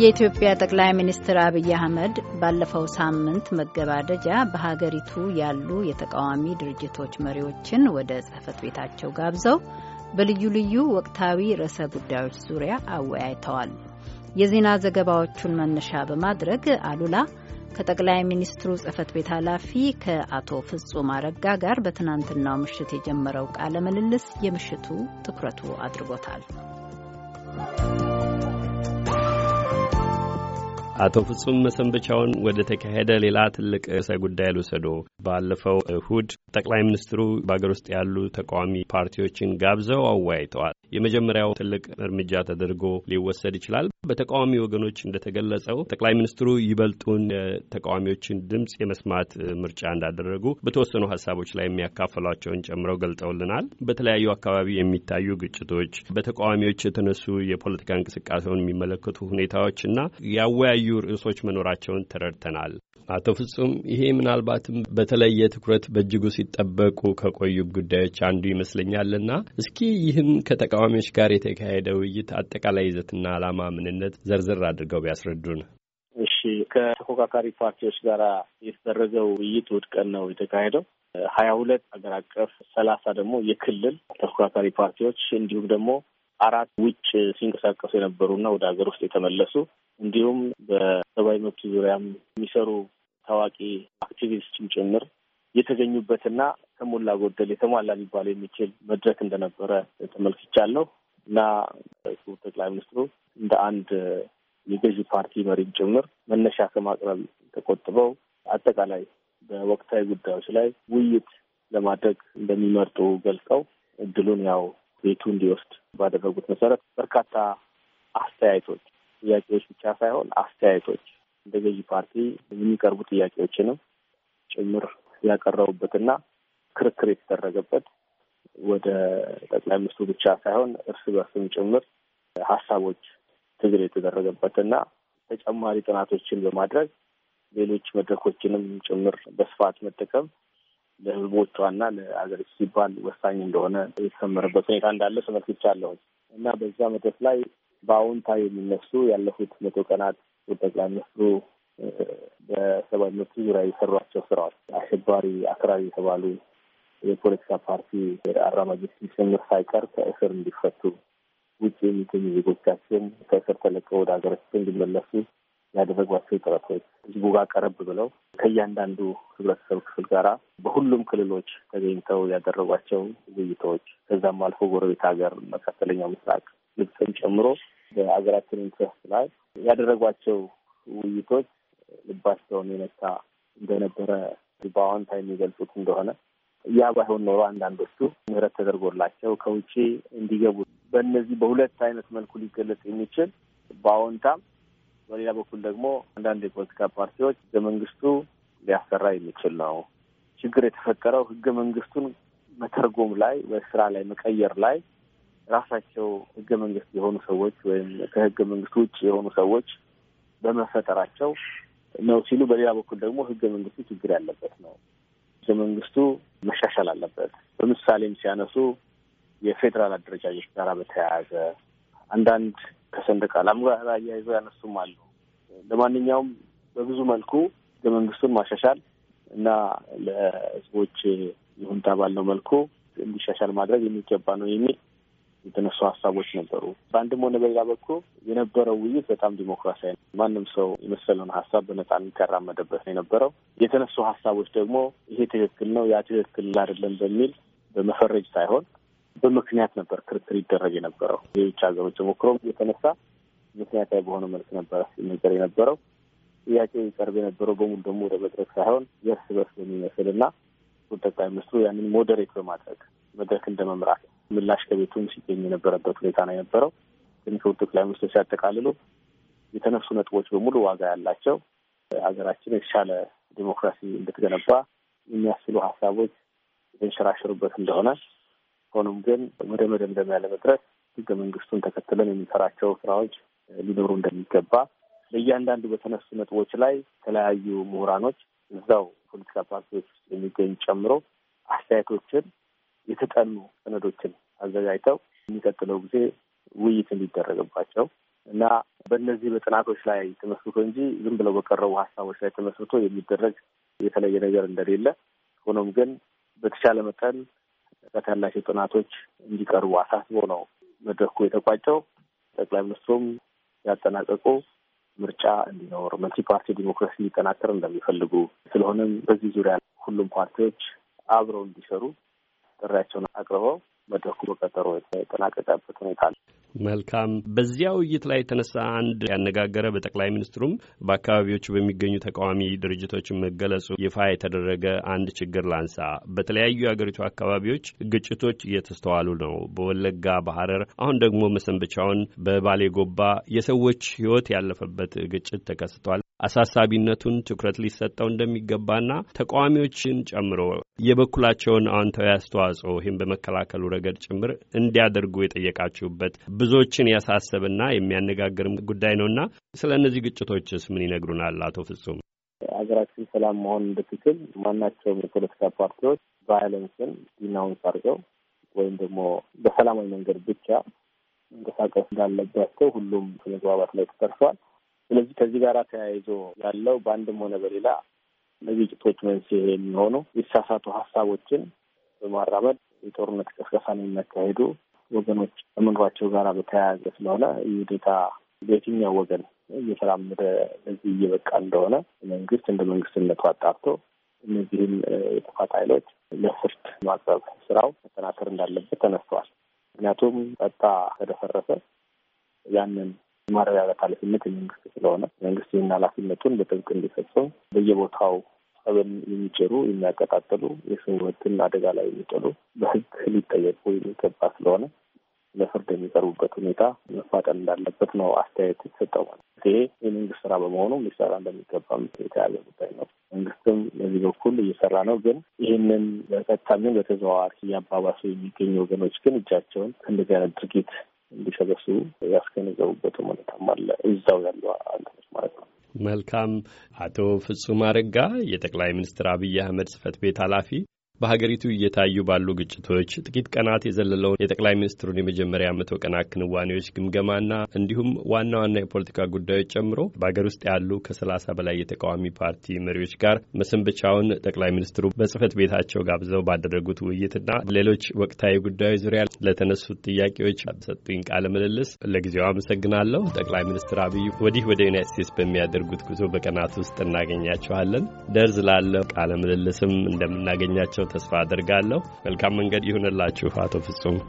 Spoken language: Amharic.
የኢትዮጵያ ጠቅላይ ሚኒስትር አብይ አህመድ ባለፈው ሳምንት መገባደጃ በሀገሪቱ ያሉ የተቃዋሚ ድርጅቶች መሪዎችን ወደ ጽህፈት ቤታቸው ጋብዘው በልዩ ልዩ ወቅታዊ ርዕሰ ጉዳዮች ዙሪያ አወያይተዋል። የዜና ዘገባዎቹን መነሻ በማድረግ አሉላ ከጠቅላይ ሚኒስትሩ ጽህፈት ቤት ኃላፊ ከአቶ ፍጹም አረጋ ጋር በትናንትናው ምሽት የጀመረው ቃለ ምልልስ የምሽቱ ትኩረቱ አድርጎታል። አቶ ፍጹም መሰንበቻውን ወደ ተካሄደ ሌላ ትልቅ ርዕሰ ጉዳይ ልውሰዶ ባለፈው እሁድ ጠቅላይ ሚኒስትሩ በአገር ውስጥ ያሉ ተቃዋሚ ፓርቲዎችን ጋብዘው አወያይተዋል። የመጀመሪያው ትልቅ እርምጃ ተደርጎ ሊወሰድ ይችላል። በተቃዋሚ ወገኖች እንደተገለጸው ጠቅላይ ሚኒስትሩ ይበልጡን የተቃዋሚዎችን ድምፅ የመስማት ምርጫ እንዳደረጉ በተወሰኑ ሀሳቦች ላይ የሚያካፍሏቸውን ጨምረው ገልጠውልናል። በተለያዩ አካባቢ የሚታዩ ግጭቶች፣ በተቃዋሚዎች የተነሱ የፖለቲካ እንቅስቃሴውን የሚመለከቱ ሁኔታዎች እና ያወያዩ ርዕሶች መኖራቸውን ተረድተናል። አቶ ፍጹም ይሄ ምናልባትም በተለየ ትኩረት በእጅጉ ሲጠበቁ ከቆዩ ጉዳዮች አንዱ ይመስለኛልና እስኪ ይህን ከተቃዋሚዎች ጋር የተካሄደ ውይይት አጠቃላይ ይዘትና ዓላማ ምንነት ዘርዘር አድርገው ቢያስረዱን። እሺ፣ ከተፎካካሪ ፓርቲዎች ጋር የተደረገው ውይይት እሑድ ቀን ነው የተካሄደው። ሀያ ሁለት ሀገር አቀፍ፣ ሰላሳ ደግሞ የክልል ተፎካካሪ ፓርቲዎች እንዲሁም ደግሞ አራት ውጭ ሲንቀሳቀሱ የነበሩና ወደ ሀገር ውስጥ የተመለሱ እንዲሁም በሰብአዊ መብት ዙሪያም የሚሰሩ ታዋቂ አክቲቪስትም ጭምር የተገኙበትና ከሞላ ጎደል የተሟላ ሊባል የሚችል መድረክ እንደነበረ ተመልክቻለሁ እና ክቡር ጠቅላይ ሚኒስትሩ እንደ አንድ የገዢ ፓርቲ መሪም ጭምር መነሻ ከማቅረብ ተቆጥበው አጠቃላይ በወቅታዊ ጉዳዮች ላይ ውይይት ለማድረግ እንደሚመርጡ ገልጸው እድሉን ያው ቤቱ እንዲወስድ ባደረጉት መሰረት በርካታ አስተያየቶች ጥያቄዎች ብቻ ሳይሆን አስተያየቶች እንደ ገዢ ፓርቲ የሚቀርቡ ጥያቄዎችንም ጭምር ያቀረቡበትና ክርክር የተደረገበት ወደ ጠቅላይ ሚኒስትሩ ብቻ ሳይሆን እርስ በርስም ጭምር ሀሳቦች ትግል የተደረገበትና ተጨማሪ ጥናቶችን በማድረግ ሌሎች መድረኮችንም ጭምር በስፋት መጠቀም ለሕዝቦቿና ለአገሪቱ ሲባል ወሳኝ እንደሆነ የተሰመረበት ሁኔታ እንዳለ ተመልክቻለሁ እና በዛ መድረክ ላይ በአዎንታ የሚነሱ ያለፉት መቶ ቀናት የጠቅላይ ሚኒስትሩ በሰብአዊ መብት ዙሪያ የሰሯቸው ስራዎች አሸባሪ፣ አክራሪ የተባሉ የፖለቲካ ፓርቲ አራማጆች ጭምር ሳይቀር ከእስር እንዲፈቱ ውጭ የሚገኙ ዜጎቻችን ከእስር ተለቀው ወደ ሀገራችን እንዲመለሱ ያደረጓቸው ጥረቶች ህዝቡ ጋር ቀረብ ብለው ከእያንዳንዱ ህብረተሰብ ክፍል ጋራ በሁሉም ክልሎች ተገኝተው ያደረጓቸው ውይይቶች ከዛም አልፎ ጎረቤት ሀገር መካከለኛው ምስራቅ ግብፅን ጨምሮ በሀገራችን ኢንትረስት ላይ ያደረጓቸው ውይይቶች ልባቸውን የነካ እንደነበረ በአዎንታ የሚገልጹት እንደሆነ ያ ባይሆን ኖሮ አንዳንዶቹ ምህረት ተደርጎላቸው ከውጭ እንዲገቡ በእነዚህ በሁለት አይነት መልኩ ሊገለጽ የሚችል በአዎንታም በሌላ በኩል ደግሞ አንዳንድ የፖለቲካ ፓርቲዎች ህገ መንግስቱ ሊያሰራ የሚችል ነው። ችግር የተፈጠረው ህገ መንግስቱን መተርጎም ላይ በስራ ላይ መቀየር ላይ ራሳቸው ህገ መንግስት የሆኑ ሰዎች ወይም ከህገ መንግስት ውጭ የሆኑ ሰዎች በመፈጠራቸው ነው ሲሉ፣ በሌላ በኩል ደግሞ ህገ መንግስቱ ችግር ያለበት ነው፣ ህገ መንግስቱ መሻሻል አለበት። በምሳሌም ሲያነሱ የፌዴራል አደረጃጀት ጋር በተያያዘ አንዳንድ ከሰንደቅ ዓላማ ጋር አያይዘው ያነሱም አሉ። ለማንኛውም በብዙ መልኩ ህገ መንግስቱን ማሻሻል እና ለህዝቦች ይሁንታ ባለው መልኩ እንዲሻሻል ማድረግ የሚገባ ነው የሚል የተነሱ ሀሳቦች ነበሩ። በአንድም ሆነ በሌላ በኩል የነበረው ውይይት በጣም ዲሞክራሲያዊ፣ ማንም ሰው የመሰለውን ሀሳብ በነጻ የሚከራመደበት ነው የነበረው። የተነሱ ሀሳቦች ደግሞ ይሄ ትክክል ነው፣ ያ ትክክል አይደለም በሚል በመፈረጅ ሳይሆን በምክንያት ነበር ክርክር ይደረግ የነበረው። የውጭ ሀገሮች ተሞክሮም የተነሳ ምክንያታዊ በሆነ መልክ ነበረ ነገር የነበረው ጥያቄ ይቀርብ የነበረው በሙሉ ደግሞ ወደ መድረክ ሳይሆን የእርስ በርስ በሚመስል እና ጠቅላይ ሚኒስትሩ ያንን ሞዴሬት በማድረግ መድረክ እንደመምራት ምላሽ ከቤቱም ሲገኝ የነበረበት ሁኔታ ነው የነበረው። ግን ክቡር ጠቅላይ ሚኒስትር ሲያጠቃልሉ የተነሱ ነጥቦች በሙሉ ዋጋ ያላቸው ሀገራችን የተሻለ ዲሞክራሲ እንድትገነባ የሚያስችሉ ሀሳቦች የተንሸራሸሩበት እንደሆነ ሆኖም ግን ወደ መደምደሚያ ለመድረስ ህገ መንግስቱን ተከትለን የሚሰራቸው ስራዎች ሊኖሩ እንደሚገባ በእያንዳንዱ በተነሱ ነጥቦች ላይ የተለያዩ ምሁራኖች እዛው ፖለቲካ ፓርቲዎች ውስጥ የሚገኝ ጨምሮ አስተያየቶችን የተጠኑ ሰነዶችን አዘጋጅተው የሚቀጥለው ጊዜ ውይይት እንዲደረግባቸው እና በእነዚህ በጥናቶች ላይ ተመስርቶ እንጂ ዝም ብለው በቀረቡ ሀሳቦች ላይ ተመስርቶ የሚደረግ የተለየ ነገር እንደሌለ፣ ሆኖም ግን በተቻለ መጠን ጥቀት ያላቸው ጥናቶች እንዲቀርቡ አሳስቦ ነው መድረኩ የተቋጨው። ጠቅላይ ሚኒስትሩም ያጠናቀቁ ምርጫ እንዲኖር መልቲ ፓርቲ ዲሞክራሲ እንዲጠናከር እንደሚፈልጉ ስለሆነም በዚህ ዙሪያ ሁሉም ፓርቲዎች አብረው እንዲሰሩ ጥሪያቸውን አቅርበው መድረኩ በቀጠሮ የተጠናቀቀበት ሁኔታ አለ። መልካም። በዚያ ውይይት ላይ የተነሳ አንድ ያነጋገረ በጠቅላይ ሚኒስትሩም በአካባቢዎቹ በሚገኙ ተቃዋሚ ድርጅቶች መገለጹ ይፋ የተደረገ አንድ ችግር ላንሳ። በተለያዩ የአገሪቱ አካባቢዎች ግጭቶች እየተስተዋሉ ነው። በወለጋ፣ በሐረር አሁን ደግሞ መሰንበቻውን በባሌ ጎባ የሰዎች ሕይወት ያለፈበት ግጭት ተከስቷል። አሳሳቢነቱን ትኩረት ሊሰጠው እንደሚገባና ተቃዋሚዎችን ጨምሮ የበኩላቸውን አዎንታዊ አስተዋጽኦ ይህም በመከላከሉ ረገድ ጭምር እንዲያደርጉ የጠየቃችሁበት ብዙዎችን ያሳሰብና የሚያነጋግርም ጉዳይ ነውና ስለ እነዚህ ግጭቶችስ ምን ይነግሩናል አቶ ፍጹም? ሀገራችን ሰላም መሆን እንድትችል ማናቸውም የፖለቲካ ፓርቲዎች ቫይለንስን ዲናውንስ አድርገው ወይም ደግሞ በሰላማዊ መንገድ ብቻ መንቀሳቀስ እንዳለባቸው ሁሉም መግባባት ላይ ተጠርሷል። ስለዚህ ከዚህ ጋር ተያይዞ ያለው በአንድም ሆነ በሌላ ለግጭቶች መንስኤ የሚሆኑ የተሳሳቱ ሀሳቦችን በማራመድ የጦርነት ቀስቀሳን የሚያካሄዱ ወገኖች ከምግባቸው ጋር በተያያዘ ስለሆነ ይህ በየትኛው ወገን እየተራመደ እዚህ እየበቃ እንደሆነ መንግስት እንደ መንግስትነቱ አጣርቶ እነዚህም የጥፋት ኃይሎች ለፍርድ ማቅረብ ስራው መጠናከር እንዳለበት ተነስተዋል። ምክንያቱም ጸጥታ ከደፈረሰ ያንን የማረጋጋት ኃላፊነት የመንግስት ስለሆነ መንግስት ይህን ኃላፊነቱን በጥብቅ እንዲፈጽም በየቦታው ሰብን የሚጭሩ የሚያቀጣጥሉ፣ የሰዎችን አደጋ ላይ የሚጥሉ በሕግ ሊጠየቁ የሚገባ ስለሆነ ለፍርድ የሚቀርቡበት ሁኔታ መፋጠን እንዳለበት ነው አስተያየት የተሰጠው። ይሄ የመንግስት ስራ በመሆኑ ሊሰራ እንደሚገባም የተያዘ ጉዳይ ነው። መንግስትም በዚህ በኩል እየሰራ ነው። ግን ይህንን በቀጥታም በተዘዋዋሪ እያባባሱ የሚገኙ ወገኖች ግን እጃቸውን ከእንደዚህ አይነት ድርጊት እንዲሰበስቡ ያስገነዘቡበትም ሁኔታም አለ እዛው ያለው አንተ መልካም። አቶ ፍጹም አረጋ የጠቅላይ ሚኒስትር አብይ አህመድ ጽህፈት ቤት ኃላፊ በሀገሪቱ እየታዩ ባሉ ግጭቶች ጥቂት ቀናት የዘለለውን የጠቅላይ ሚኒስትሩን የመጀመሪያ መቶ ቀናት ክንዋኔዎች ግምገማና እንዲሁም ዋና ዋና የፖለቲካ ጉዳዮች ጨምሮ በሀገር ውስጥ ያሉ ከሰላሳ በላይ የተቃዋሚ ፓርቲ መሪዎች ጋር መሰንበቻውን ጠቅላይ ሚኒስትሩ በጽህፈት ቤታቸው ጋብዘው ባደረጉት ውይይትና ሌሎች ወቅታዊ ጉዳዮች ዙሪያ ለተነሱት ጥያቄዎች በሰጡኝ ቃለ ምልልስ ለጊዜው አመሰግናለሁ። ጠቅላይ ሚኒስትር አብይ ወዲህ ወደ ዩናይት ስቴትስ በሚያደርጉት ጉዞ በቀናት ውስጥ እናገኛቸዋለን ደርዝ ላለው ቃለ ምልልስም እንደምናገኛቸው ተስፋ አድርጋለሁ። መልካም መንገድ ይሁንላችሁ አቶ ፍጹም።